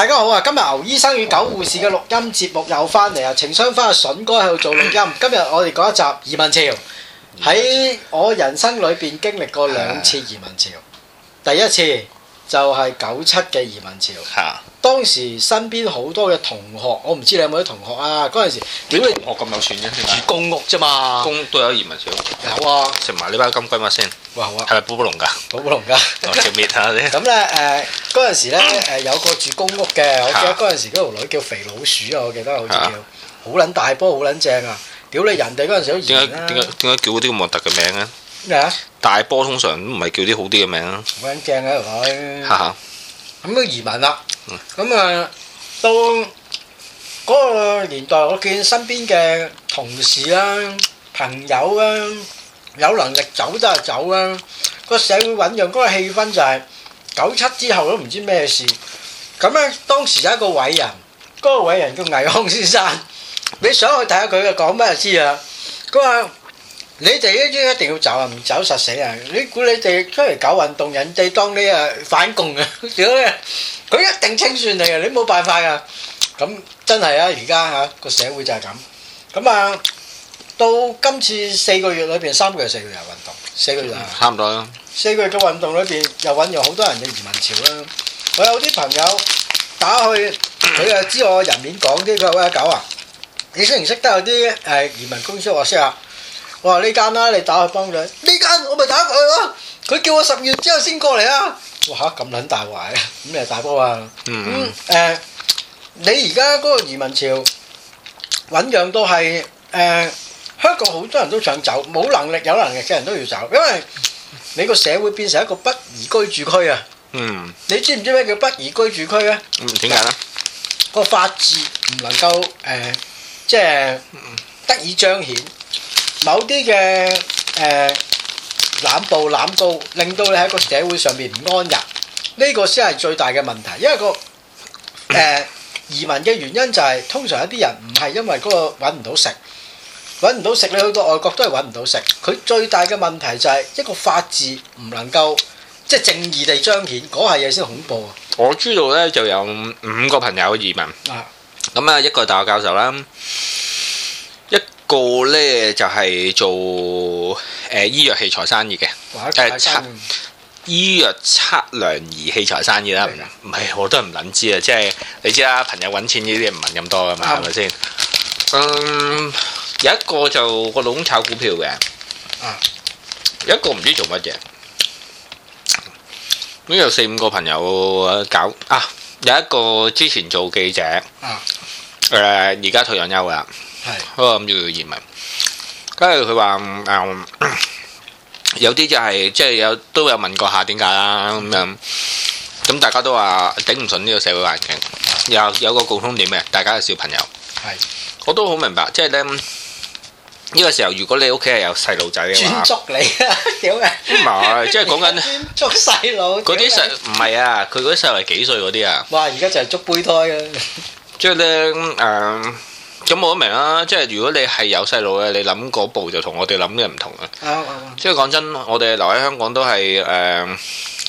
大家好啊！今日牛醫生與狗護士嘅錄音節目又翻嚟啊！情商返阿笋哥喺度做錄音。今日我哋講一集移民潮。喺我人生裏邊經歷過兩次移民潮。對對對，第一次就係九七嘅移民潮。當時身邊好多嘅同學，我唔知你有冇啲同學啊？嗰陣時，點解同學咁有錢嘅？住公屋啫嘛，公屋都有移民潮。好啊，食埋呢包金龜蜜先。哇啊，係咪寶寶龍㗎？寶寶龍㗎，食滅下你。咁咧誒，嗰陣時咧誒有個住公屋嘅，我記得嗰陣時嗰條女叫肥老鼠啊，我記得好似叫好撚大波，好撚正啊！屌你，人哋嗰陣時點解點解點解叫啲咁核突嘅名啊？咩啊？大波通常唔係叫啲好啲嘅名啊，好撚正啊！佢。咁都移民啦，咁啊到嗰個年代，我見身邊嘅同事啊、朋友啊，有能力走都係走啦。個社會醞釀，嗰個氣氛就係九七之後都唔知咩事。咁咧，當時有一個偉人，嗰個偉人叫倪匡先生，你想去睇下佢講咩就知啦。佢話。你哋一於一定要走啊，唔走實死啊！你估你哋出嚟搞運動，人哋當你啊反共啊？屌你！佢一定清算你，你啊！你冇辦法噶。咁真係啊！而家嚇個社會就係咁。咁啊，到今次四個月裏邊三個月四個月運動，四個月啊，差唔多啦。四個月嘅運動裏邊又揾咗好多人嘅移民潮啦。我有啲朋友打去，佢啊知我人面講啲，佢好閪狗啊！你識唔識得有啲誒移民公司？我識啊。哇！呢間啦、啊，你打去幫佢。呢間我咪打過去咯。佢叫我十月之後先過嚟啊。哇！咁撚大壞啊！咁你係大波啊？嗯。誒、嗯呃，你而家嗰個移民潮醞釀到係誒、呃，香港好多人都想走，冇能力、有能力嘅人都要走，因為你個社會變成一個不宜居住區啊。嗯。你知唔知咩叫不宜居住區咧、啊？嗯，點解咧？個法治唔能夠誒，即、呃、係、就是、得以彰顯。某啲嘅誒濫暴濫暴，令到你喺一個社會上面唔安逸，呢個先係最大嘅問題。因為個誒移民嘅原因就係通常一啲人唔係因為嗰個揾唔到食，揾唔到食你去到外國都係揾唔到食。佢最大嘅問題就係一個法治唔能夠即係正義地彰顯，嗰下嘢先恐怖啊！我知道咧就有五個朋友移民，咁啊一個大學教授啦。個咧就係做誒醫藥器材生意嘅，誒測醫藥測量儀器材生意啦，唔係我都唔撚知啊，即係你知啦，朋友搵錢呢啲唔問咁多噶嘛，係咪先？嗯，有一個就個老公炒股票嘅，啊，有一個唔知做乜嘢，咁有四五個朋友搞啊，有一個之前做記者，啊，誒而家退咗休噶。係，我諗住移民，跟住佢話誒，有啲就係即係有都有問過下點解啦咁樣，咁大家都話頂唔順呢個社會環境，又有個共通點嘅，大家係小朋友。係，我都好明白，即係咧呢個時候，如果你屋企係有細路仔嘅話，捉你啊，屌啊！唔係，即係講緊捉細路，嗰啲細唔係啊，佢嗰啲細路係幾歲嗰啲啊。哇！而家就係捉胚胎啊！即係咧誒。咁我都明啦，即係如果你係有細路嘅，你諗嗰步就同我哋諗嘅唔同啦。即係講真，我哋留喺香港都係誒。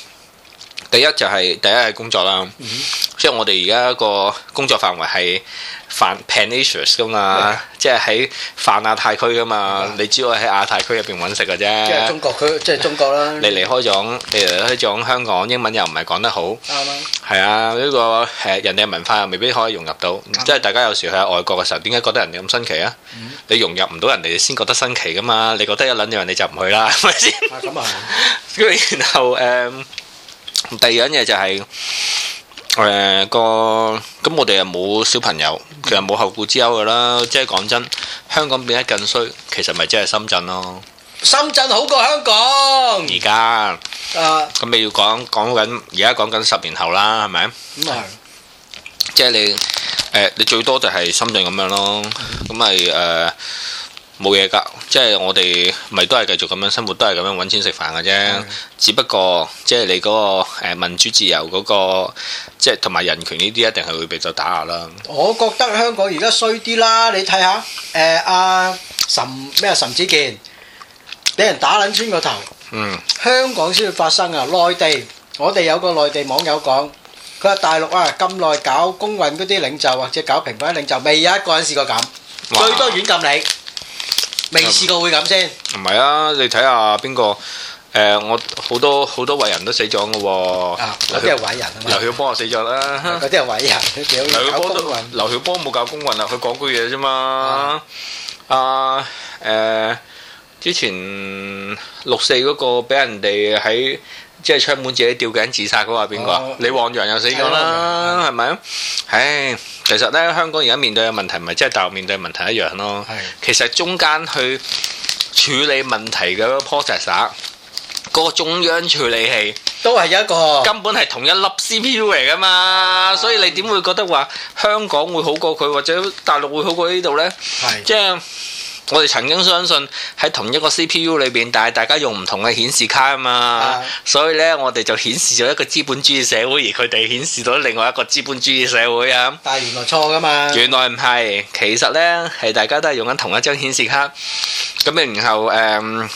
第一就係第一係工作啦，即係我哋而家一個工作範圍係泛 Pan Asia 嘅嘛，即係喺泛亞太區嘅嘛。你只可以喺亞太區入邊揾食嘅啫。即係中國區，即係中國啦。你離開咗，你離開咗香港，英文又唔係講得好，係啊，呢個誒人哋嘅文化又未必可以融入到。即係大家有時喺外國嘅時候，點解覺得人哋咁新奇啊？你融入唔到人哋，先覺得新奇噶嘛？你覺得一撚人，你就唔去啦，係咪先？咁啊，跟住然後誒。第二樣嘢就係誒個，咁、呃、我哋又冇小朋友，其實冇後顧之憂㗎啦。即係講真，香港變得更衰，其實咪即係深圳咯。深圳好過香港。而家啊，咁、呃、你要講講緊，而家講緊十年後啦，係咪？咁啊、嗯，即係你誒、呃，你最多就係深圳咁樣咯。咁咪誒。冇嘢噶，即係我哋咪都係繼續咁樣生活，都係咁樣揾錢食飯嘅啫。只不過即係你嗰個誒民主自由嗰個，即係同埋人權呢啲，一定係會俾就打壓啦。我覺得香港而家衰啲啦，你睇下誒阿岑咩啊岑子健俾人打撚穿個頭。嗯。香港先會發生啊！內地我哋有個內地網友講，佢話大陸啊，咁耐搞公運嗰啲領袖或者搞平反領袖，未有一個人試過咁，最多軟禁你。未試過會咁先。唔係啊，你睇下邊個？誒、呃，我好多好多偉人都死咗嘅喎。啊，嗰啲係偉人啊嘛。劉曉波啊死咗啦。有啲係偉人，幾好、啊、搞、搞公運。劉曉波冇搞公運啊，佢講句嘢啫嘛。啊，誒、呃，之前六四嗰個俾人哋喺。即係窗門自己吊頸自殺嗰個係邊個？哦、李旺陽又死咗啦，係咪啊？唉吧，嗯、其實咧，香港而家面對嘅問題，咪即係大陸面對嘅問題一樣咯。是的 其實中間去處理問題嘅 process，嗰個中央處理器都係一個根本係同一粒 CPU 嚟噶嘛，啊、所以你點會覺得話香港會好過佢，或者大陸會好過呢度呢？即係是的、就是。我哋曾經相信喺同一個 CPU 裏邊，但係大家用唔同嘅顯示卡啊嘛，所以咧我哋就顯示咗一個資本主義社會，而佢哋顯示到另外一個資本主義社會啊。但係原來錯㗎嘛？原來唔係，其實咧係大家都係用緊同一張顯示卡，咁咪然後誒，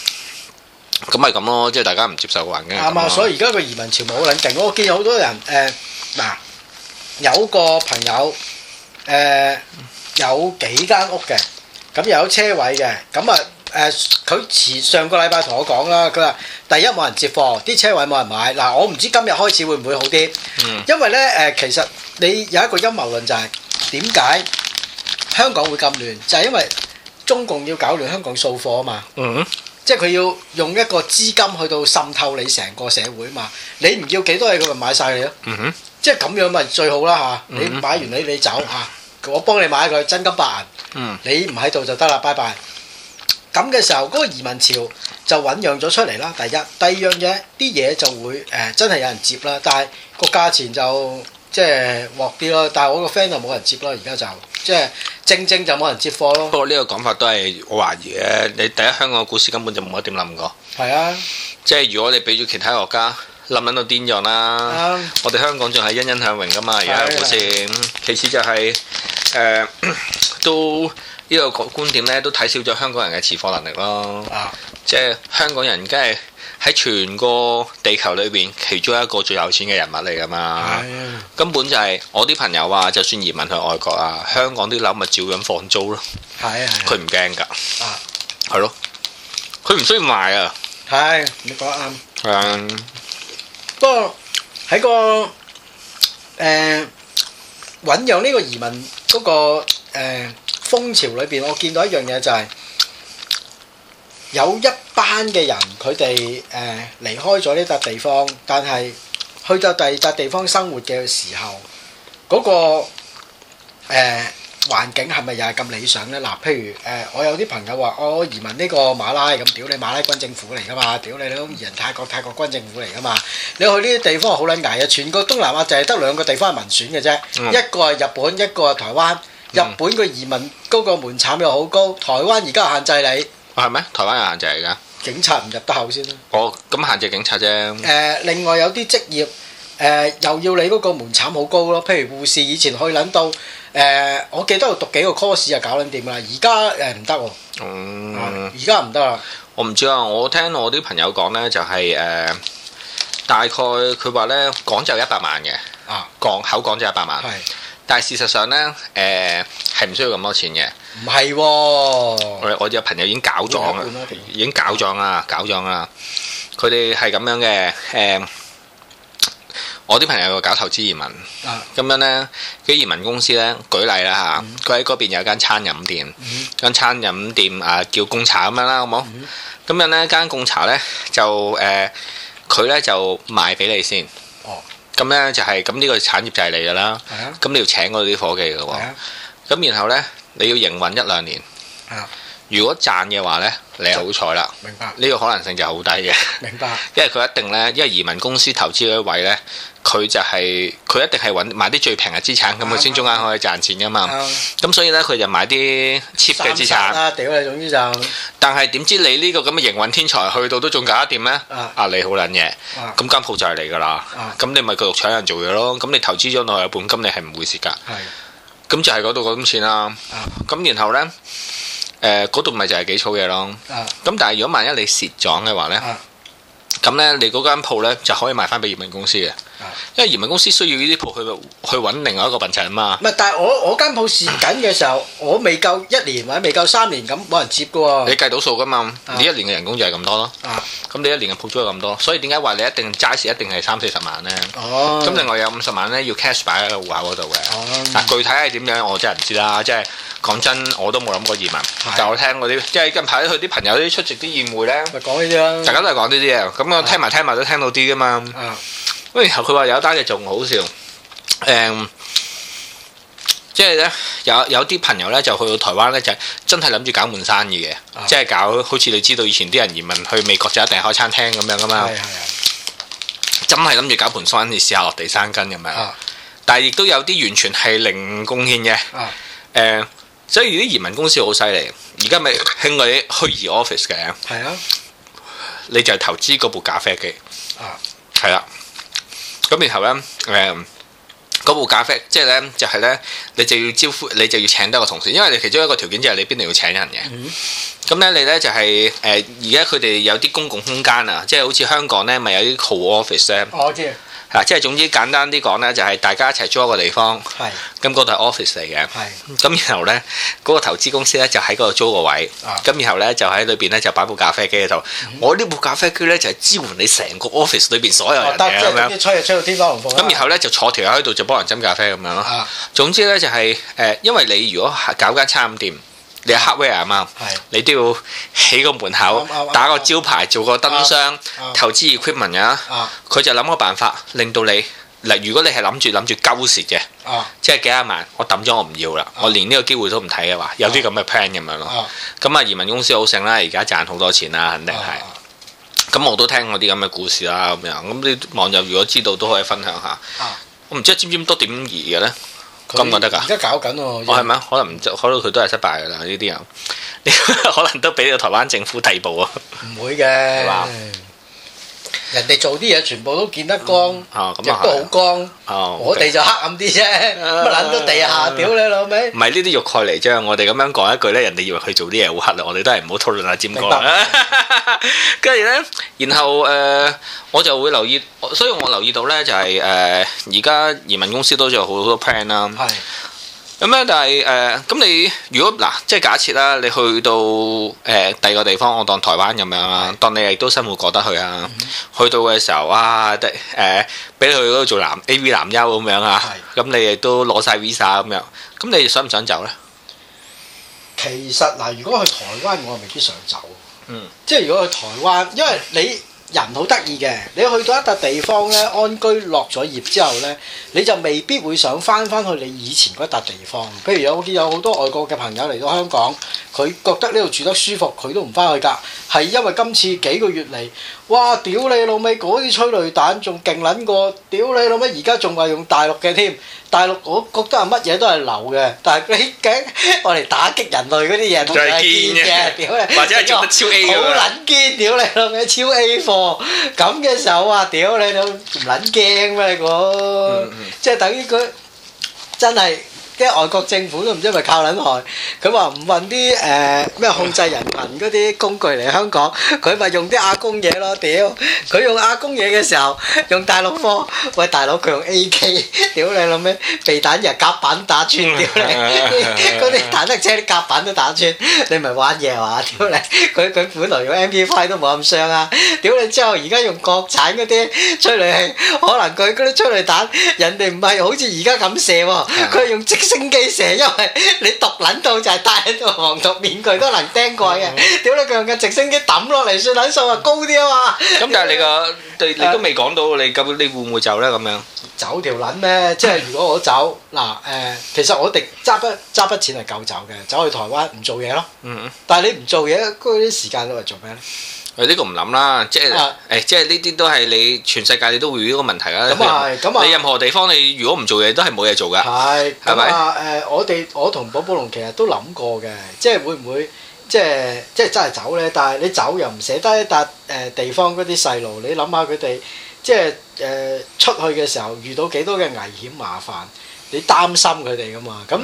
咁咪咁咯，即係大家唔接受個環境。啱啊！所以而家個移民潮咪好撚勁。我見有好多人誒，嗱，有個朋友誒有幾間屋嘅。咁又有車位嘅，咁啊誒，佢、呃、前上個禮拜同我講啦，佢話第一冇人接貨，啲車位冇人買。嗱，我唔知今日開始會唔會好啲，嗯、因為咧誒、呃，其實你有一個陰謀論就係點解香港會咁亂，就係、是、因為中共要搞亂香港掃貨啊嘛。嗯哼，即係佢要用一個資金去到滲透你成個社會啊嘛，你唔要幾多嘢，佢咪買晒你咯。嗯哼，即係咁樣咪最好啦嚇、啊，你買完你你走嚇。啊我幫你買佢，真金白銀，嗯、你唔喺度就得啦，拜拜。咁嘅時候，嗰、那個移民潮就醞釀咗出嚟啦。第一，第二樣嘢，啲嘢就會誒、呃、真係有人接啦，但係個價錢就即係落啲咯。但係我個 friend 就冇人接啦，而家就即係正正就冇人接貨咯。不過呢個講法都係我懷疑嘅。你第一，香港嘅股市根本就冇一點冧過。係啊，即係如果你俾咗其他國家冧到癲咗啦，啊、我哋香港仲係欣欣向榮噶嘛，而家股市。其次就係、是。誒、呃，都呢、這個觀點咧，都睇少咗香港人嘅持貨能力咯。啊，即係香港人，梗係喺全個地球裏邊，其中一個最有錢嘅人物嚟噶嘛。係啊，根本就係我啲朋友啊，就算移民去外國啊，香港啲樓咪照樣放租咯。係啊係。佢唔驚噶。啊。係、啊啊、咯。佢唔需要賣啊。係、啊，你講得啱。係啊、嗯。不過喺個誒，搵、呃、養呢個移民。嗰個誒風潮裏邊，我見到一樣嘢，就係有一班嘅人，佢哋誒離開咗呢笪地方，但係去到第二笪地方生活嘅時候，嗰個誒環境係咪又係咁理想呢？嗱，譬如誒、呃，我有啲朋友話：我、哦、移民呢個馬拉，咁屌你馬拉軍政府嚟噶嘛？屌你都移民泰國，泰國軍政府嚟噶嘛？你去呢啲地方好撚捱啊！全個東南亞就係得兩個地方係民選嘅啫，嗯、一個係日本，一個係台灣。日本個移民嗰個門檻又好高，嗯、台灣而家限制你。係咩、啊？台灣限制嚟㗎。警察唔入得口先啦。哦，咁限制警察啫。誒、呃，另外有啲職業誒、呃，又要你嗰個門檻好高咯。譬如護士，以前可以撚到。誒，uh, 我記得我讀幾個 course 就定、呃、啊，搞緊掂啦。而家誒唔得喎，而家唔得啦。我唔知啊，我聽我啲朋友講咧，就係、是、誒、嗯，大概佢話咧講就一百萬嘅，講口講就一百萬。啊、但係事實上咧，誒係唔需要咁多錢嘅。唔係喎，我我有朋友已經搞咗，啦、啊，已經搞咗啊，搞咗啊。佢哋係咁樣嘅，誒、嗯。我啲朋友搞投資移民，咁、啊、樣呢，啲移民公司呢，舉例啦嚇，佢喺嗰邊有間餐飲、嗯、哼間餐飲店，間餐飲店啊叫貢茶咁樣啦，好冇？咁、嗯、哼樣呢間貢茶呢，就誒，佢、呃、呢就賣俾你先。咁、哦、呢，就係咁呢個產業就係你噶啦。係咁、哦、你要請嗰啲伙計嘅喎。係咁、哦哦、然後呢，你要營運一兩年。嗯如果賺嘅話呢，你好彩啦。明白呢個可能性就好低嘅。明白，因為佢一定呢。因為移民公司投資嗰一位呢，佢就係佢一定係揾買啲最平嘅資產，咁佢先中間可以賺錢噶嘛。咁所以呢，佢就買啲 cheap 嘅資產啊，總之就。但係點知你呢個咁嘅營運天才去到都仲搞得掂呢？啊，你好撚嘢。咁間鋪就係你噶啦。咁你咪繼續搶人做嘢咯。咁你投資咗落去嘅本金，你係唔會蝕噶。咁就係嗰度嗰啲錢啦。咁然後呢？嗰度咪就係幾粗嘢咯，咁、啊、但係如果萬一你蝕咗嘅話咧，咁咧、啊、你嗰間鋪咧就可以賣翻畀移民公司嘅。因為移民公司需要呢啲鋪去去揾另外一個品齊啊嘛。唔係，但係我我間鋪試緊嘅時候，我未夠一年或者未夠三年咁，冇人接噶喎。你計到數噶嘛？你一年嘅人工就係咁多咯。啊，咁你一年嘅鋪租又咁多，所以點解話你一定齋時一定係三四十萬咧？哦，咁另外有五十萬咧，要 cash 擺喺個戶口嗰度嘅。但具體係點樣我真係唔知啦。即係講真，我都冇諗過移民。但我聽過啲，即係近排佢啲朋友啲出席啲宴會咧。咪講呢啲啦。大家都係講呢啲嘢，咁我聽埋聽埋都聽到啲噶嘛。咁然後佢話有單嘢仲好笑，即係呢，有有啲朋友呢就去到台灣呢，就真係諗住搞盤生意嘅，啊、即係搞好似你知道以前啲人移民去美國就一定開餐廳咁樣噶嘛，的真係諗住搞盤生意試下落地生根咁樣。啊、但係亦都有啲完全係零貢獻嘅誒、啊嗯，所以如啲移民公司好犀利。而家咪興嗰啲虛擬 office 嘅，係啊，的你就係投資嗰部咖啡機啊，係啦。咁然後咧，誒、呃、嗰部咖啡即係咧，就係、是、咧，你就要招呼，你就要請多個同事，因為你其中一個條件就係你邊度要請人嘅。咁咧、嗯，你咧就係、是、誒，而家佢哋有啲公共空間啊，即係好似香港咧，咪、就是、有啲 co-office 咧。Off ice，我知。啊！即係總之簡單啲講咧，就係、是、大家一齊租一個地方，咁嗰度係 office 嚟嘅，咁是然後咧嗰、那個投資公司咧就喺嗰度租個位，咁、啊、然後咧就喺裏邊咧就擺部咖啡機喺度。嗯、我呢部咖啡機咧就係支援你成個 office 裏邊所有人嘅，咁、哦、樣。樣吹就吹到天花龍鳳咁，然後咧就坐條友喺度就幫人斟咖啡咁樣咯。啊、總之咧就係、是、誒，因為你如果搞間餐飲店。你黑 e w 啊嘛，是你都要起個門口，啊啊、打個招牌，做個燈箱，啊啊、投資 equipment 呀，佢就諗個辦法令到你，嗱如果你係諗住諗住鳩蝕嘅，啊、即係幾廿萬，我抌咗我唔要啦，啊、我連呢個機會都唔睇嘅話，有啲咁嘅 plan 咁樣咯。咁啊移民公司好盛啦，而家賺好多錢啦，肯定係。咁、啊、我都聽過啲咁嘅故事啦，咁樣咁啲網友如果知道都可以分享下。我唔知尖尖多點移嘅呢。咁覺得噶，而家搞緊喎、哦。我係咪啊？可能唔，可能佢都係失敗噶啦。呢啲人， 可能都俾個台灣政府逮捕啊。唔會嘅。 人哋做啲嘢全部都見得光，亦、嗯哦、都好光，哦、我哋就黑暗啲啫，乜撚到地下屌、啊啊、你老味。唔係呢啲肉蓋嚟啫，我哋咁樣講一句咧，人哋以為佢做啲嘢好黑啦，我哋都係唔好討論下尖哥，跟住咧，然後誒、呃，我就會留意，所以我留意到咧、就係，就係誒而家移民公司都仲有好多 plan 啦。咁咧、嗯，但係誒，咁、呃、你如果嗱、呃，即係假設啦，你去到誒第二個地方，我當台灣咁樣啊，當你亦都生活過得去啊，嗯、去到嘅時候，啊，即誒俾佢去嗰度做男 A V 男優咁樣啊，咁你亦都攞晒 visa 咁樣，咁是你，你想唔想走咧？其實嗱、呃，如果去台灣，我係未必想走。嗯。即係如果去台灣，因為你。人好得意嘅，你去到一笪地方咧，安居落咗業之後咧，你就未必會想返返去你以前嗰笪地方。譬如有啲有好多外國嘅朋友嚟到香港，佢覺得呢度住得舒服，佢都唔返去㗎，係因為今次幾個月嚟。哇！屌你老味，嗰啲催淚彈仲勁撚過！屌你老味，而家仲話用大陸嘅添，大陸我覺得啊乜嘢都係流嘅。但係你驚我嚟打擊人類嗰啲嘢，就係堅嘅。堅或者係做得超 A 嘅。好撚堅，屌你老味，超 A 貨咁嘅時候啊！屌你老，唔撚驚咩我？嗯嗯、即係等於佢真係。即係外國政府都唔知係咪靠撚害，佢話唔運啲誒咩控制人民嗰啲工具嚟香港，佢咪用啲阿公嘢咯？屌！佢用阿公嘢嘅時候，用大陸貨，喂，大佬佢用 AK，屌你老味，備彈入夾板打穿屌你，嗰啲坦克車啲夾板都打穿，你咪玩嘢話？屌你，佢佢本來用 MP5 都冇咁傷啊！屌你之後而家用國產嗰啲催淚器，可能佢嗰啲催淚彈，人哋唔係好似而家咁射喎，佢係用即升機蛇，因為你獨撚到就係戴喺度防毒面具都能釘鬼嘅。屌你強嘅直升機抌落嚟，算撚數啊高啲啊嘛！咁但係你個對你都未講到，你咁你會唔會走咧？咁樣走條撚咩？即係如果我走嗱誒，其實我哋揸一揸筆錢係夠走嘅，走去台灣唔做嘢咯。嗯嗯。但係你唔做嘢，嗰啲時間攞嚟做咩咧？呢個唔諗啦，即係誒，啊、即係呢啲都係你全世界你都會遇到個問題啦。咁啊咁啊，如嗯、你任何地方你如果唔做嘢都係冇嘢做噶。係、嗯，係咪吧？誒、嗯，我哋我同寶寶龍其實都諗過嘅，即係會唔會即係即係真係走咧？但係你走又唔捨得，一笪誒地方嗰啲細路，你諗下佢哋即係誒、呃、出去嘅時候遇到幾多嘅危險麻煩，你擔心佢哋噶嘛？咁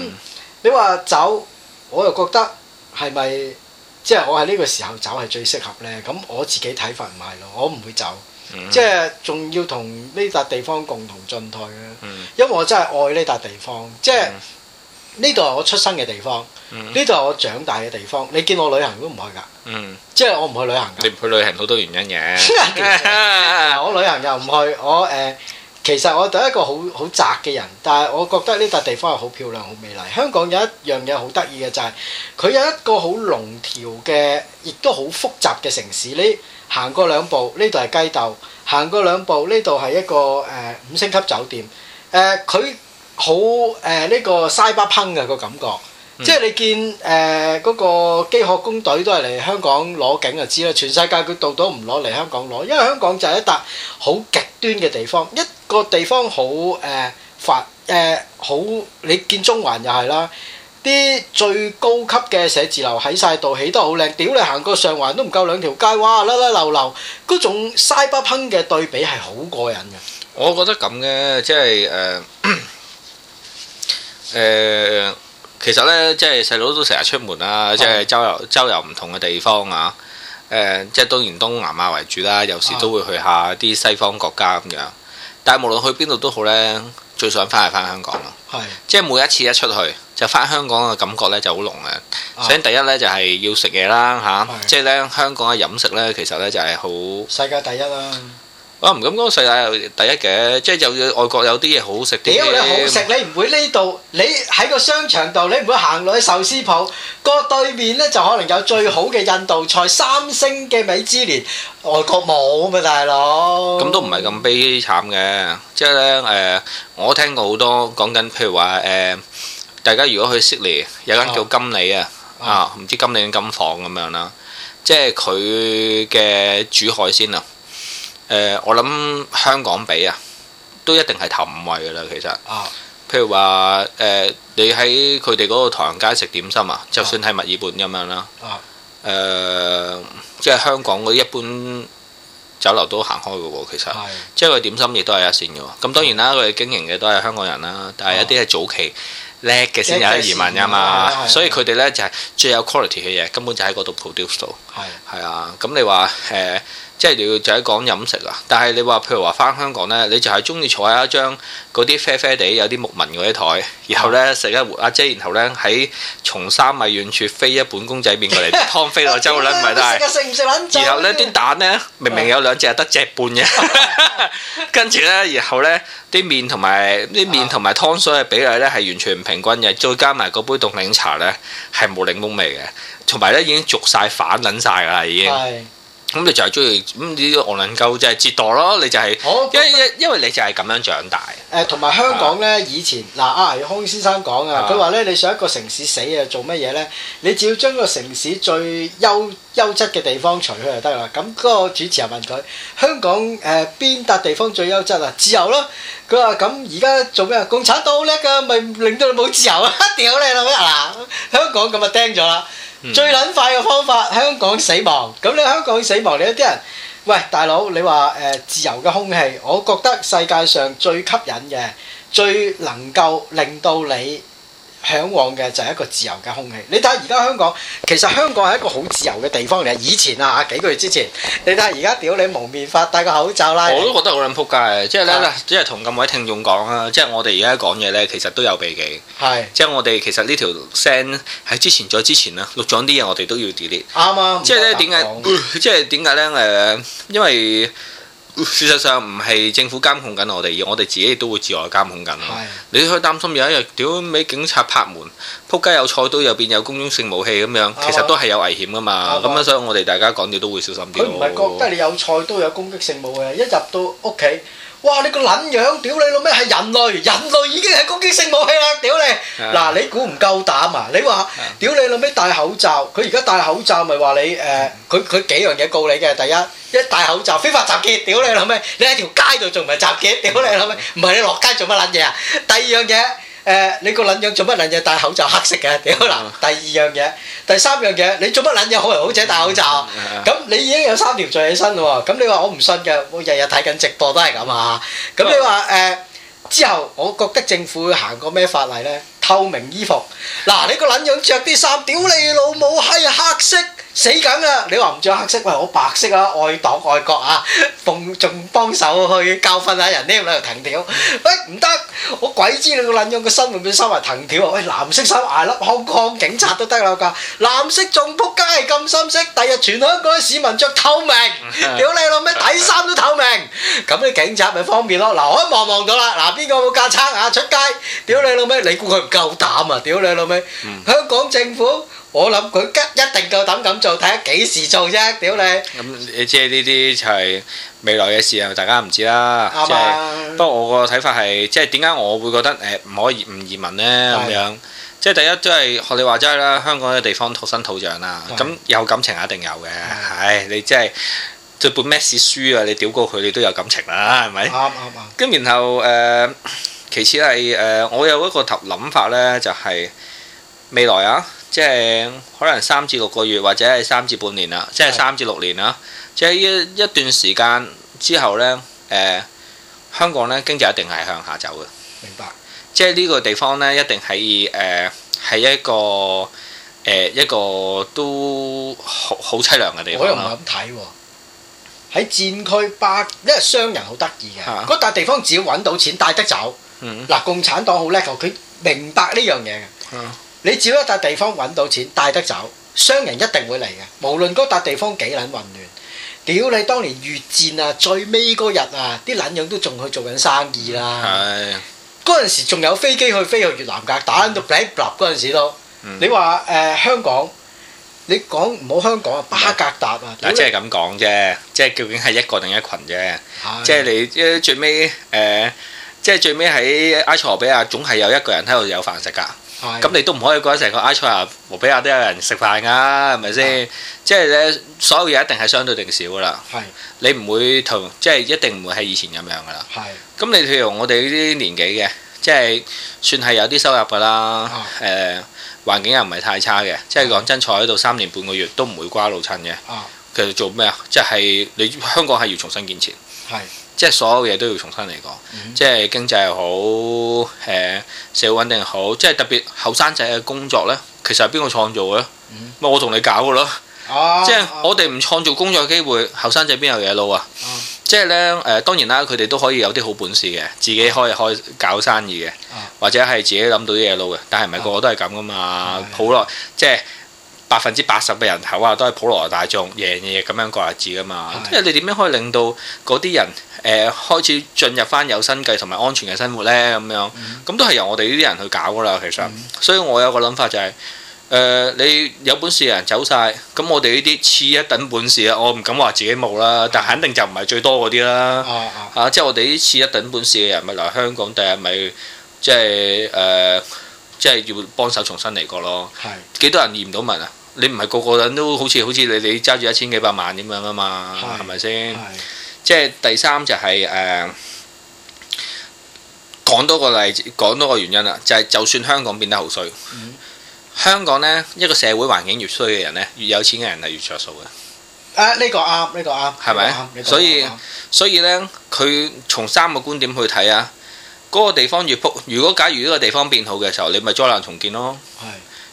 你話走，我又覺得係咪？即係我喺呢個時候走係最適合呢。咁我自己睇法唔係咯，我唔會走，嗯、哼即係仲要同呢笪地方共同進退嘅，嗯、因為我真係愛呢笪地方，即係呢度係我出生嘅地方，呢度係我長大嘅地方。你見我旅行都唔去㗎，嗯、即係我唔去旅行㗎。你唔去旅行好多原因嘅， 我旅行又唔去，我誒。呃其實我第一個好好窄嘅人，但係我覺得呢笪地方係好漂亮、好美麗。香港有一樣嘢好得意嘅就係，佢有一個好龍條嘅，亦都好複雜嘅城市。你行過兩步，呢度係雞竇；行過兩步，呢度係一個誒、呃、五星級酒店。佢好誒呢個 Cyberpunk 嘅個感覺。即係你見誒嗰個攻殼機動隊都係嚟香港攞景就知啦，全世界佢到到唔攞嚟香港攞，因為香港就係一笪好極端嘅地方，一個地方好誒繁誒好，你見中環又係啦，啲最高級嘅寫字樓喺晒度，起得好靚，屌你行過上環都唔夠兩條街，哇甩甩流流，嗰種 Cyberpunk 嘅對比係好過癮嘅。我覺得咁嘅，即係誒誒。其實咧，即係細佬都成日出門啊，即係周遊周遊唔同嘅地方啊！誒、呃，即係當然東南亞為主啦，有時都會去下啲西方國家咁樣。但係無論去邊度都好咧，最想翻係翻香港咯。係，是的 即係每一次一出去，就翻香港嘅感覺咧就好濃嘅。首先第一咧就係、是、要食嘢啦嚇，啊、是的 即係咧香港嘅飲食咧其實咧就係好世界第一啦、啊。我唔敢講世界第一嘅，即係就外國有啲嘢好食啲。屌，你好食你唔會呢度，你喺個商場度你唔會行落去壽司鋪，個對面咧就可能有最好嘅印度菜三星嘅美之蓮，外國冇嘛大佬。咁都唔係咁悲慘嘅，即係咧誒，我聽過好多講緊，譬如話誒，大家如果去悉尼有間叫金里啊，啊唔知金里定金房咁樣啦，即係佢嘅煮海鮮啊。誒、呃，我諗香港比啊，都一定係頭五位嘅啦。其實，譬如話誒、呃，你喺佢哋嗰個唐人街食點心啊，就算喺墨爾本咁樣啦。誒、呃，即係香港嗰一般酒樓都行開嘅喎。其實，的即係佢點心亦都係一線嘅。咁當然啦，佢哋經營嘅都係香港人啦，但係一啲係早期叻嘅先有移民㗎嘛。所以佢哋咧就係、是、最有 quality 嘅嘢，根本就喺嗰度 produce 到。係，係啊，咁的你話誒？呃即係你要就係講飲食啊！但係你話譬如話返香港呢，你就係中意坐喺一張嗰啲啡啡地有啲木紋嗰啲台，然後呢，食一碗阿姐，姐，然後呢，喺從三米遠處飛一本公仔麵過嚟，湯飛來周個唔埋，但係食唔食撚？ 然後呢，啲蛋呢，明明有兩隻，得隻半嘅。跟住 呢，然後呢，啲麵同埋啲麵同埋湯水嘅比例呢，係完全唔平均嘅，再加埋嗰杯凍檸茶呢，係冇檸檬味嘅，同埋呢已經熟晒反撚晒噶啦已經。 咁你就係中意咁啲，我能夠就係折墮咯。你就係、是，哦那個、因因因為你就係咁樣長大。誒，同埋香港咧，的以前嗱，阿、啊、倪匡、啊、先生講啊，佢話咧，你想一個城市死啊，做乜嘢咧？你只要將個城市最優優質嘅地方除去就得啦。咁嗰個主持人問佢：香港誒邊笪地方最優質啊？自由咯。佢話：咁而家做咩啊？共產黨好叻㗎、啊，咪令到你冇自由啊？屌，你叻咩？嗱，香港咁啊釘咗啦。最撚快嘅方法，香港死亡。咁你香港死亡，你一啲人，喂大佬，你話誒、呃、自由嘅空氣，我覺得世界上最吸引嘅，最能夠令到你。向往嘅就係一個自由嘅空氣。你睇下而家香港，其實香港係一個好自由嘅地方嚟。以前啊，幾個月之前，你睇下而家，屌你，蒙面法戴個口罩啦。我都覺得好撚仆街。即係咧、啊，即係同咁多位聽眾講啦。即係我哋而家講嘢呢，其實都有避忌。係。即係我哋其實呢條聲喺之前再之前啦，錄咗啲嘢，我哋都要 delete。啱啊。即係呢點解？即係點解呢？誒、呃，因為。事實上唔係政府監控緊我哋，而我哋自己都會自我監控緊。的你可以擔心有一日屌美警察拍門，仆街有菜刀又變有攻擊性武器咁樣，的其實都係有危險噶嘛。咁啊，所以我哋大家講嘢都會小心啲。佢唔係覺得你有菜刀有攻擊性武器，一入到屋企。哇！你個撚樣，屌你老味，係人類，人類已經係攻擊性武器啦！屌你，嗱你估唔夠膽啊！你話、啊，屌你老味戴口罩，佢而家戴口罩咪話你誒，佢、呃、佢幾樣嘢告你嘅？第一，一戴口罩非法集結，屌你老味，你喺條街度仲唔係集結，屌你老味，唔係、嗯、你落街做乜撚嘢啊？第二樣嘢。誒、呃，你個撚樣做乜撚樣戴口罩黑色嘅？屌嗱，第二樣嘢，第三樣嘢，你做乜撚樣好人好者戴口罩？咁 你已經有三條罪起身咯喎，咁你話我唔信嘅，我日日睇緊直播都係咁啊！咁你話誒、呃、之後，我覺得政府行過咩法例呢？透明衣服，嗱、呃，你個撚樣着啲衫，屌 你， 你老母係黑色。死梗啦！你話唔着黑色喂，我白色啊，愛黨愛國啊，逢仲幫手去教訓下人，呢度攞條藤條喂唔得，我鬼知你個撚樣個身會唔會收埋藤條啊？喂，藍色衫捱笠，香港警察都得啦架，藍色仲仆街咁深色，第日全香港市民着透明，屌你老味，底衫都透明，咁啲警察咪方便咯嗱，我一望望到啦，嗱邊個冇架撐啊出街，屌你老味，你估佢唔夠膽啊？屌你老味，香港政府。我諗佢吉一定夠膽咁做，睇下幾時做啫！屌你！咁你即係呢啲就係未來嘅事啊，大家唔知啦。啱啊！不過我個睇法係即係點解我會覺得誒唔可以唔移民咧咁樣？即係第一即係學你話齋啦，香港嘅地方土生土長啦，咁有感情係一定有嘅。係你即係對本咩書啊？你屌過佢，你都有感情啦，係咪？啱啱啱！咁然後誒，其次係誒，我有一個頭諗法咧，就係未來啊！即係可能三至六個月，或者係三至半年啦，即係三至六年啦。是的 即係一一段時間之後咧，誒、呃、香港咧經濟一定係向下走嘅。明白。即係呢個地方咧，一定係誒係一個誒、呃、一個都好好淒涼嘅地方。我又唔敢睇喎，喺戰區百，因為商人好得意嘅嗰笪地方，只要揾到錢帶得走。嗱、嗯，共產黨好叻，佢明白呢樣嘢嘅。的你只要一笪地方揾到錢帶得走，商人一定會嚟嘅。無論嗰笪地方幾撚混亂，屌你當年越戰啊，最尾嗰日啊，啲撚樣都仲去做緊生意啦。係是。嗰陣時仲有飛機去飛去越南格打，嗯、打到 bling bling 嗰陣時都。嗯、你話誒、呃、香港，你講唔好香港啊，巴格達啊。嗱是，即係咁講啫，即係、就是、究竟係一個定一群啫。即係是你最尾誒，即、呃、係、就是、最尾喺埃塞俄比亞，總係有一個人喺度有飯食㗎。咁你都唔可以覺得成個埃塞俄比亞都有人食飯㗎，係咪先？即係咧，所有嘢一定係相對定少㗎啦。係，是 你唔會同即係、就是、一定唔會係以前咁樣㗎啦。係。咁你譬如我哋呢啲年紀嘅，即、就、係、是、算係有啲收入㗎啦。誒、啊呃，環境又唔係太差嘅，即係講真坐喺度三年半個月都唔會瓜老襯嘅。其實做咩啊？即、就、係、是、你香港係要重新建設。係、啊。即係所有嘢都要重新嚟講，即係經濟又好，誒社會穩定好，即係特別後生仔嘅工作咧，其實係邊個創造嘅咧？咪、嗯、我同你搞嘅咯，即係我哋唔創造工作機會，後生仔邊有嘢撈啊？哦、即係咧誒，當然啦，佢哋都可以有啲好本事嘅，自己可以可以搞生意嘅，哦、或者係自己諗到啲嘢撈嘅，但係唔係個個都係咁噶嘛？普羅即係百分之八十嘅人口啊，都係普羅大眾，日日咁樣過日子噶嘛？即係你點樣可以令到嗰啲人？誒開始進入返有生計同埋安全嘅生活咧，咁樣咁、嗯、都係由我哋呢啲人去搞噶啦。其實，嗯、所以我有個諗法就係、是，誒、呃、你有本事嘅人走晒，咁、嗯、我哋呢啲次一等本事啊，我唔敢話自己冇啦，但肯定就唔係最多嗰啲啦。哦哦、啊，即係我哋呢啲次一等本事嘅人，咪留香港第日咪即係誒，即係、就是呃就是、要幫手重新嚟過咯。係幾多人遇唔到運啊？是你唔係個個人都好似好似你你揸住一千幾百萬咁樣噶嘛？係咪先？吧即係第三就係、是、誒、呃、講多個例子，講多個原因啦。就係、是、就算香港變得好衰，嗯、香港呢一個社會環境越衰嘅人咧，越有錢嘅人係越着數嘅。啊，呢、這個啱，呢、這個啱，係咪吧？這個、所以所以，所以呢，佢從三個觀點去睇啊。嗰、那個地方越撲，如果假如呢個地方變好嘅時候，你咪災難重建咯。是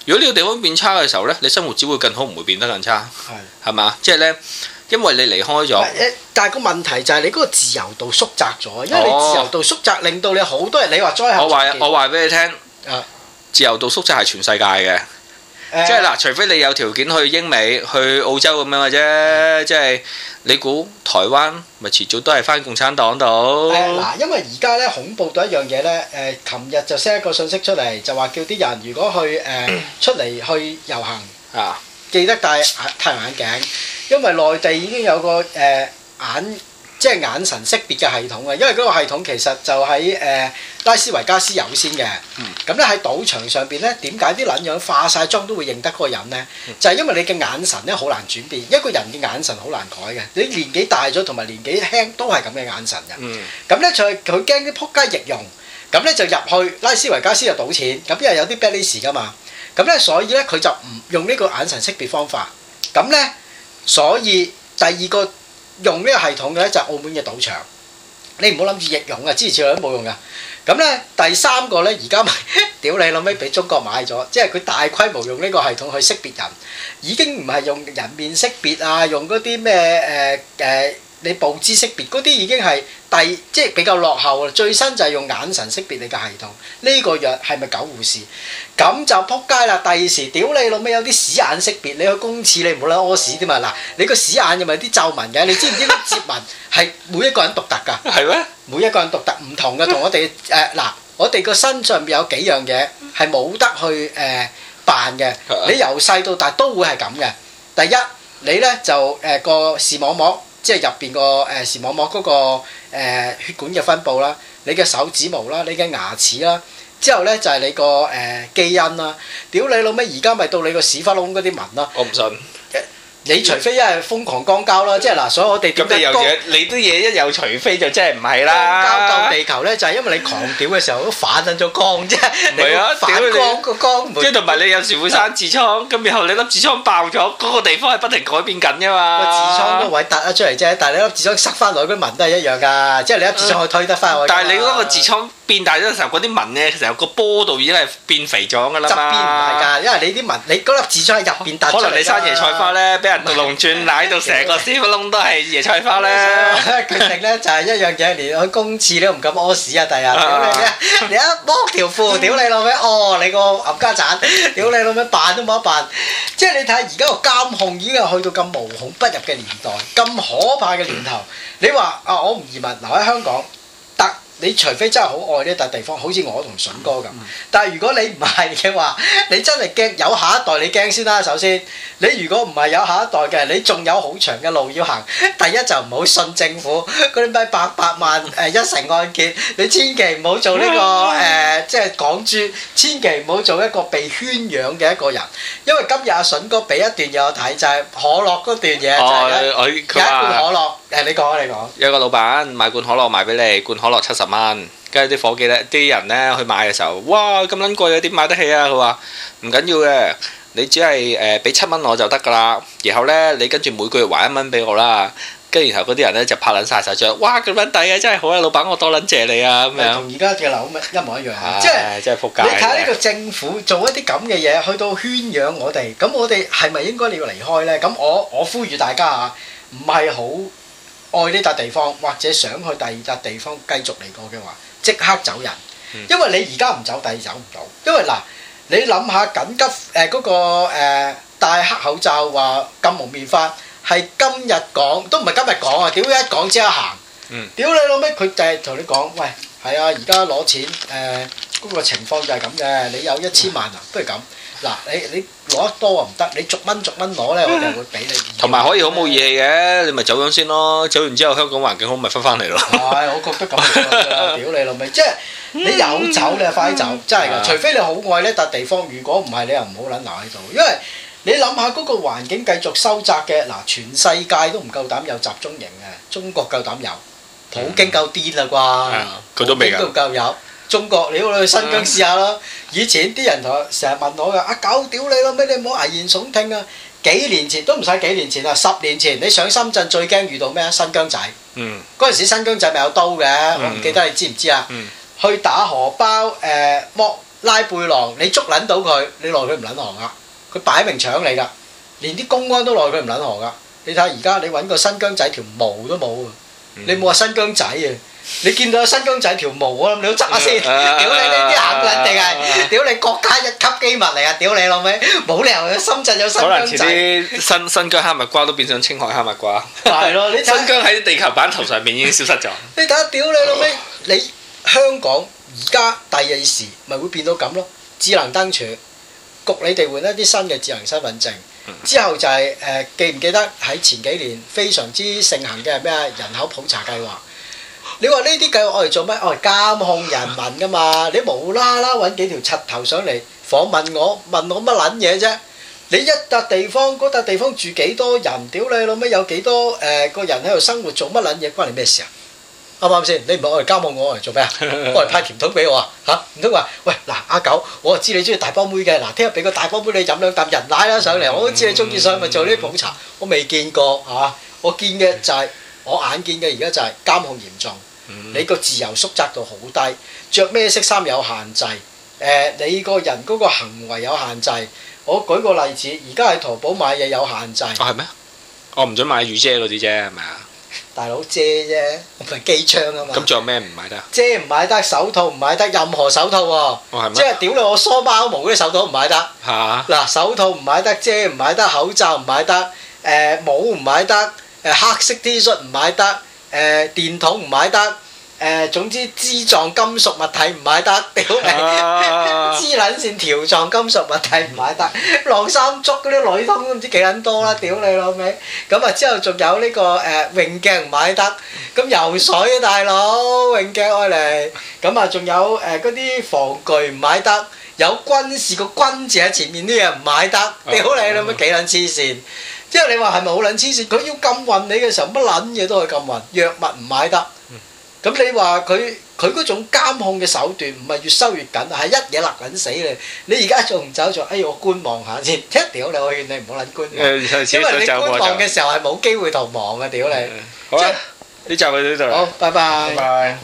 如果你個地方變差嘅時候呢，你生活只會更好，唔會變得更差。係是。係嘛？即、就、係、是、呢。因為你離開咗，誒，但係個問題就係你嗰個自由度縮窄咗，因為你自由度縮窄，令到你好多人，你話災後，我話我話俾你聽，啊，自由度縮窄係全世界嘅，即係嗱，除非你有條件去英美、去澳洲咁樣嘅啫，即係你估台灣咪遲早都係翻共產黨度？誒嗱，因為而家咧恐怖到一樣嘢咧，誒，琴日就 send 一個信息出嚟，就話叫啲人如果去誒出嚟去遊行啊。記得戴，戴眼戴太陽眼鏡，因為內地已經有個誒、呃、眼即係眼神識別嘅系統啊！因為嗰個系統其實就喺、是、誒、呃、拉斯維加斯有先嘅。咁咧喺賭場上邊咧，點解啲撚樣化晒妝都會認得嗰個人咧？嗯、就係因為你嘅眼神咧好難轉變，一個人嘅眼神好難改嘅。你年紀大咗同埋年紀輕都係咁嘅眼神嘅。咁咧就佢驚啲撲街易容。咁咧就入去拉斯維加斯就賭錢。咁因為有啲 b e t t 㗎嘛。咁咧，所以咧佢就唔用呢個眼神識別方法。咁咧，所以第二個用呢個系統嘅咧就係、澳門嘅賭場。你唔好諗住易用啊，之前試都冇用噶、啊。咁咧，第三個咧而家屌你老味？俾 中國買咗，即係佢大規模用呢個系統去識別人，已經唔係用人面識別啊，用嗰啲咩誒誒。呃呃你步姿識別嗰啲已經係第即係比較落後啦，最新就係用眼神識別你嘅系統。呢、這個藥係咪狗護士？咁就撲街啦！第二時屌你老味，有啲屎眼識別你去公廁，你唔好撚屙屎添嘛！嗱，你個屎眼又咪啲皺紋嘅，你知唔知啲接紋係每一個人獨特㗎？係咩？每一個人獨特，唔同嘅。同我哋誒嗱，我哋個身上邊有幾樣嘢係冇得去誒扮嘅。你由細到大都會係咁嘅。第一，你咧就誒個、呃、視網膜。即係入邊個誒視網膜嗰個血管嘅分佈啦，你嘅手指毛啦，你嘅牙齒啦，之後咧就係、是、你個誒、呃、基因啦，屌你老味，而家咪到你個屎忽窿嗰啲紋啦。我唔信。你除非一係瘋狂光膠啦，即係嗱，所以我哋有嘢，你啲嘢一有除非就真係唔係啦。光膠救地球咧，就係、是、因為你狂屌嘅時候都反咗光啫。唔 啊，反光個光。即係同埋你有時會生痔瘡，咁然的後你粒痔瘡爆咗，嗰、那個地方係不停改變緊噶嘛。個痔瘡個位凸一出嚟啫，但係你粒痔瘡塞翻落去嗰紋都係一樣噶，即係你粒痔瘡可以推得翻去、呃。但係你嗰個痔瘡。變大咗嘅時候，嗰啲紋咧，其實個波度已經係變肥咗㗎啦嘛。側邊唔係㗎，因為你啲紋，你嗰粒痔瘡喺入邊突咗出嚟。可能你生椰菜花咧，俾人毒龍鑽到成個屎窟窿都係椰菜花咧。決定咧就係一樣嘢，連去公廁都唔敢屙屎啊！第日，你一剝條褲，屌你老味，哦，你個冚家鏟，屌你老味，扮都冇得扮。即係你睇下而家個監控已經係去到咁無孔不入嘅年代，咁可怕嘅年頭，你話啊，我唔移民，留喺香港。你除非真係好愛呢笪地方，好似我同筍哥咁。但係如果你唔係嘅話，你真係驚有下一代你驚先啦。首先，你如果唔係有下一代嘅人，你仲有好長嘅路要行。第一就唔好信政府，嗰啲咩百八萬誒一成按揭，你千祈唔好做呢個誒，即係港豬，千祈唔好做一個被圈養嘅一個人。因為今日阿筍哥俾一段嘢我睇，就係可樂嗰段嘢，就係一罐可樂。誒，你講啊，你講。有個老闆買罐可樂賣俾你，罐可樂七十蚊，跟住啲夥計咧，啲人咧去買嘅時候，哇，咁撚貴嘅點買得起啊？佢話唔緊要嘅，你只係誒俾七蚊我就得噶啦。然後咧，你跟住每個月還一蚊俾我啦。跟住然後嗰啲人咧就拍撚曬手掌，哇，咁撚抵啊！真係好啊，老闆，我多撚謝你啊咁樣。同而家嘅樓乜一模一樣，即係，真係撲街。你睇下呢個政府做一啲咁嘅嘢，去到圈養我哋，咁我哋係咪應該你要離開咧？咁我我呼籲大家啊，唔係好。愛呢笪地方或者想去第二笪地方繼續嚟過嘅話，即刻走人，嗯、因為你而家唔走，第二走唔到。因為嗱，你諗下緊急誒嗰、呃那個、呃、戴黑口罩話禁蒙面法，係今日講都唔係今日講啊！屌一講即刻行，屌、嗯、你老咩！佢就係同你講，喂，係啊，而家攞錢誒，嗰、呃那個情況就係咁嘅，你有一千萬啊，都係咁。嗱，你你攞得多啊唔得，你逐蚊逐蚊攞咧，我哋會俾你。同埋可以好冇義氣嘅，你咪走咗先咯，走完之後香港環境好，咪翻翻嚟咯。係，我覺得咁樣啦，屌你老味，即係你有走你就快走，真係噶，除非你好愛呢笪地方，如果唔係你又唔好撚留喺度，因為你諗下嗰個環境繼續收窄嘅，嗱，全世界都唔夠膽有集中營嘅，中國夠膽有，普京夠癲啦啩，佢都未夠有。中國，你去新疆試下咯。以前啲人同我，成日問我㗎，阿狗屌你咯，咩你唔好危言聳聽啊！幾年前都唔使幾年前啦，十年前你上深圳最驚遇到咩啊？新疆仔。嗯。嗰陣時新疆仔咪有刀嘅，我唔記得你知唔知啊？嗯。去打荷包，誒剝拉背囊，你捉撚到佢，你奈佢唔撚何噶？佢擺明搶你㗎，連啲公安都奈佢唔撚何㗎。你睇下而家你揾個新疆仔條毛都冇啊！你冇話新疆仔啊！你見到新疆仔條毛啊！你都執下先，屌、啊、你啲啲眼癲定係，屌你國家一級機密嚟啊！屌你老味！冇理由去深圳有新疆。可能似新新疆哈密瓜都變咗青海哈密瓜。係咯， 你新疆喺地球版圖上面已經消失咗。 你睇，屌你老味！ 你香港而家第二時咪會變到咁咯？智能燈柱，焗你哋換一啲新嘅智能身份證。之後就係、是、誒、呃、記唔記得喺前幾年非常之盛行嘅咩人口普查計劃？你話呢啲計我嚟做咩？我嚟監控人民噶嘛？你無啦啦揾幾條柒頭上嚟訪問我，問我乜撚嘢啫？你一笪地方嗰笪地方住幾多人？屌你老味，有幾多誒個人喺度生活做乜撚嘢？關你咩事啊？啱唔啱先？你唔係我嚟監控，我嚟做咩啊？我嚟派甜筒俾我啊？嚇？唔通話喂嗱阿九，我知你中意大波妹嘅嗱，聽日俾個大波妹你飲兩啖人奶啦上嚟，我都知你中意上嚟咪做呢啲普查。我未見過嚇，我見嘅就係我眼見嘅而家就係監控嚴重。你個自由縮窄度好低，著咩色衫有限制，誒你個人嗰個行為有限制。我舉個例子，而家喺淘寶買嘢有限制。哦係咩？哦唔準買雨遮嗰啲啫，係咪啊？大佬遮啫，唔係機槍啊嘛。咁著咩唔買得？遮唔買得，手套唔買得，任何手套喎。哦係咩？即係屌你我梳包毛嗰啲手套唔買得。嚇！嗱手套唔買得，遮唔買得，口罩唔買得，誒帽唔買得，誒黑色 T 恤唔買得。誒電筒唔買得，誒總之枝狀金屬物體唔買得，屌你！枝撚線條狀金屬物體唔買得，晾衫竹嗰啲女通都唔知幾撚多啦，屌你老味！咁啊之後仲有呢個誒泳鏡唔買得，咁游水大佬泳鏡愛嚟，咁啊仲有誒嗰啲防具唔買得，有軍事個軍字喺前面啲嘢唔買得，屌你老味幾撚黐線！即係你話係咪好撚黐線？佢要禁運你嘅時候，乜撚嘢都可以禁運，藥物唔買得。咁你話佢佢嗰種監控嘅手段，唔係越收越緊啊，係一嘢勒撚死你！你而家仲唔走？仲哎呀，我觀望下先。屌你，我勸你唔好撚觀望，因為你觀望嘅時候係冇機會逃亡嘅。屌你，好啊，呢集去到呢度，好拜拜，拜。